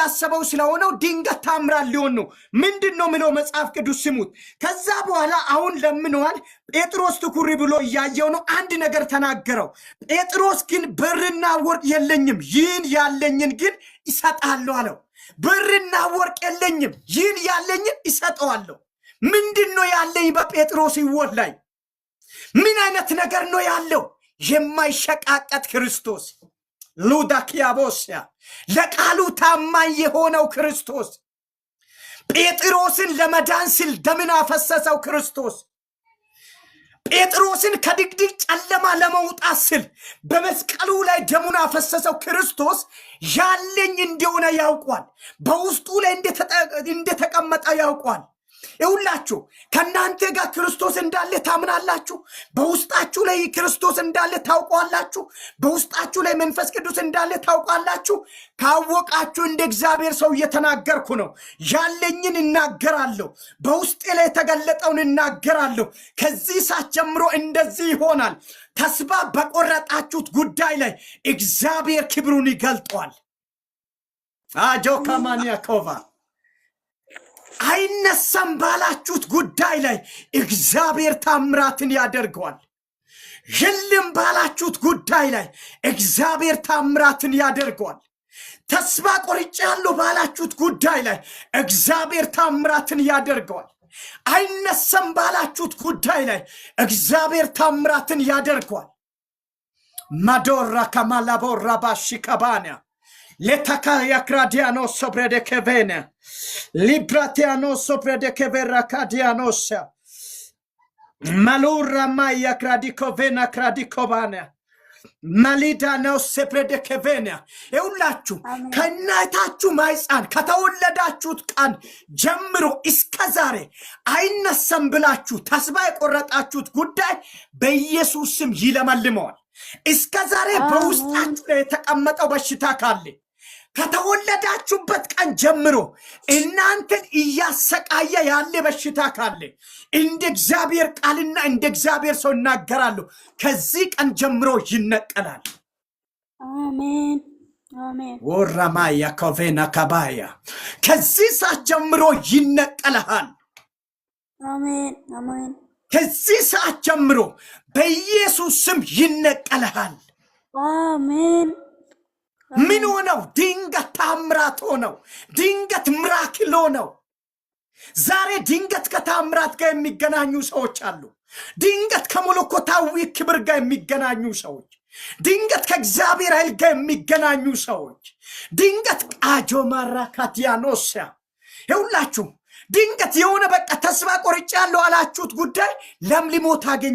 ያሰበው ስለሆነው ድንገት ታምራት ሊሆን ነው። ምንድን ነው ምለው መጽሐፍ ቅዱስ ስሙት። ከዛ በኋላ አሁን ለምነዋል። ጴጥሮስ ትኩሪ ብሎ እያየው ነው። አንድ ነገር ተናገረው። ጴጥሮስ ግን ብርና ወርቅ የለኝም፣ ይህን ያለኝን ግን ይሰጣለሁ አለው። ብርና ወርቅ የለኝም፣ ይህን ያለኝን ይሰጠዋለሁ። ምንድን ነው ያለኝ? በጴጥሮስ ሕይወት ላይ ምን አይነት ነገር ነው ያለው? የማይሸቃቀጥ ክርስቶስ ሉዳኪያቦስያ ለቃሉ ታማኝ የሆነው ክርስቶስ ጴጥሮስን ለመዳን ሲል ደምን አፈሰሰው ክርስቶስ ጴጥሮስን ከድቅድቅ ጨለማ ለመውጣት ስል በመስቀሉ ላይ ደሙን አፈሰሰው ክርስቶስ ያለኝ እንደሆነ ያውቋል። በውስጡ ላይ እንደተቀመጠ ያውቋል። ይሁላችሁ ከእናንተ ጋር ክርስቶስ እንዳለ ታምናላችሁ። በውስጣችሁ ላይ ክርስቶስ እንዳለ ታውቋላችሁ። በውስጣችሁ ላይ መንፈስ ቅዱስ እንዳለ ታውቋላችሁ። ካወቃችሁ እንደ እግዚአብሔር ሰው እየተናገርኩ ነው። ያለኝን እናገራለሁ። በውስጤ ላይ የተገለጠውን እናገራለሁ። ከዚህ ሰዓት ጀምሮ እንደዚህ ይሆናል። ተስፋ በቆረጣችሁት ጉዳይ ላይ እግዚአብሔር ክብሩን ይገልጧል። አጆ ኮቫ አይነሳም ባላችሁት ጉዳይ ላይ እግዚአብሔር ታምራትን ያደርገዋል። የለም ባላችሁት ጉዳይ ላይ እግዚአብሔር ታምራትን ያደርገዋል። ተስፋ ቆርጫለሁ ባላችሁት ጉዳይ ላይ እግዚአብሔር ታምራትን ያደርገዋል። አይነሳም ባላችሁት ጉዳይ ላይ እግዚአብሔር ታምራትን ያደርገዋል። ማዶራ ከማላቦራ ባሺ ከባንያ letakaya kradiano sobre de kevene libratiano sobre de kevera kadianosa malura maya kradiko ነው ሴፕሬደ ከቬንያ የሁላችሁ ከእናታችሁ ማይፃን ከተወለዳችሁት ቀን ጀምሮ እስከ ዛሬ አይነሰም ብላችሁ ተስባ የቆረጣችሁት ጉዳይ በኢየሱስ ስም ይለመልመዋል። እስከ ዛሬ በውስጣችሁ የተቀመጠው በሽታ ካለ ከተወለዳችሁበት ቀን ጀምሮ እናንተን እያሰቃየ ያለ በሽታ ካለ እንደ እግዚአብሔር ቃልና እንደ እግዚአብሔር ሰው እናገራለሁ፣ ከዚህ ቀን ጀምሮ ይነቀላል። አሜን። ወራማያ ኮቬና ከባያ ከዚህ ሰዓት ጀምሮ ይነቀልሃል። ከዚህ ሰዓት ጀምሮ በኢየሱስ ስም ይነቀልሃል። አሜን። ምን ሆነው? ድንገት ታምራት ሆነው፣ ድንገት ምራክል ሆነው። ዛሬ ድንገት ከታምራት ጋር የሚገናኙ ሰዎች አሉ። ድንገት ከመለኮታዊ ክብር ጋር የሚገናኙ ሰዎች፣ ድንገት ከእግዚአብሔር ኃይል ጋር የሚገናኙ ሰዎች፣ ድንገት ማራካት ማራካትያኖስያ ይሁላችሁ። ድንገት የሆነ በቃ ተስፋ ቆርጫ ያለው አላችሁት ጉዳይ ለምልሞ ታገኝ